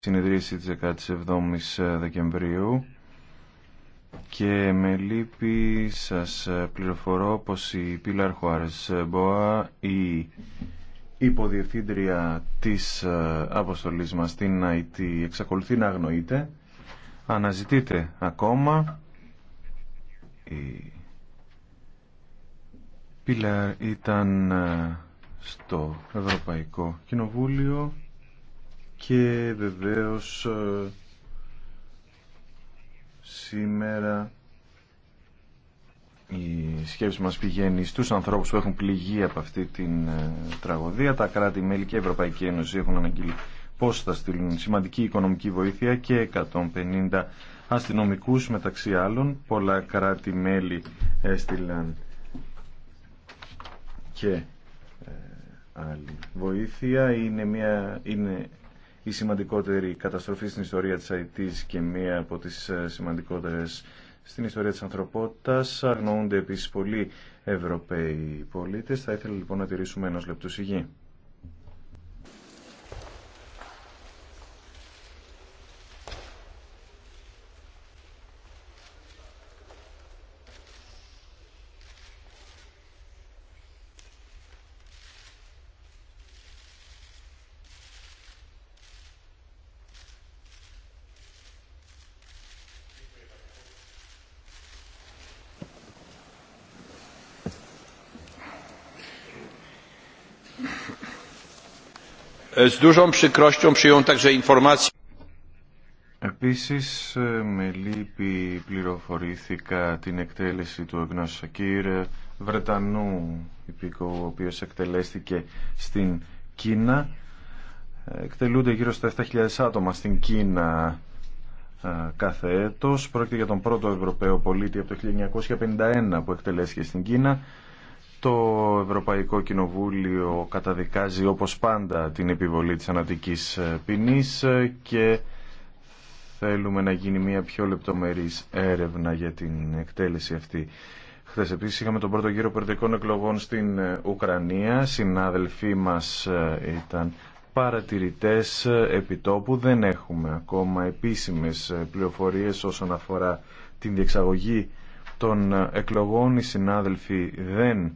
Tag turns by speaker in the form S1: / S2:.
S1: συνεδρίαση της 17ης ε, Δεκεμβρίου και με λύπη σας ε, πληροφορώ πως η Πίλαρ Χουάρες Μποά, η υποδιευθύντρια της ε, αποστολής μας στην ΑΕΤ, εξακολουθεί να αγνοείται. αναζητείτε ακόμα η Πίλαρ ήταν στο Ευρωπαϊκό Κοινοβούλιο και βεβαίως ε, σήμερα η σκέψη μας πηγαίνει στους ανθρώπους που έχουν πληγεί από αυτή την ε, τραγωδία. Τα κράτη-μέλη και η Ευρωπαϊκή Ένωση έχουν αναγγείλει πώς θα στείλουν σημαντική οικονομική βοήθεια και 150 αστυνομικούς μεταξύ άλλων. Πολλά κράτη-μέλη έστειλαν και ε, άλλη βοήθεια. Είναι, μια, είναι η σημαντικότερη καταστροφή στην ιστορία της Αιτής και μία από τις ε, σημαντικότερες στην ιστορία της ανθρωπότητας. Αγνοούνται επίσης πολλοί Ευρωπαίοι πολίτες. Θα ήθελα λοιπόν να τηρήσουμε ενός λεπτού σιγή. Z Επίσης ε, με λύπη πληροφορήθηκα την εκτέλεση του Εγνάς Σακύρ ε, Βρετανού υπήκου ο οποίος εκτελέστηκε στην Κίνα ε, εκτελούνται γύρω στα 7.000 άτομα στην Κίνα κάθε έτος πρόκειται για τον πρώτο Ευρωπαίο πολίτη από το 1951 που εκτελέστηκε στην Κίνα το Ευρωπαϊκό Κοινοβούλιο καταδικάζει όπως πάντα την επιβολή της ανατικής ε, ποινής ε, και θέλουμε να γίνει μια πιο λεπτομερής έρευνα για την εκτέλεση αυτή. Χθε επίση. είχαμε τον πρώτο γύρο πολιτικών εκλογών στην ε, Ουκρανία. Συνάδελφοί μας ήταν παρατηρητές επιτόπου. Δεν έχουμε ακόμα επίσημες πληροφορίε όσον αφορά την διεξαγωγή των εκλογών. Οι συνάδελφοι δεν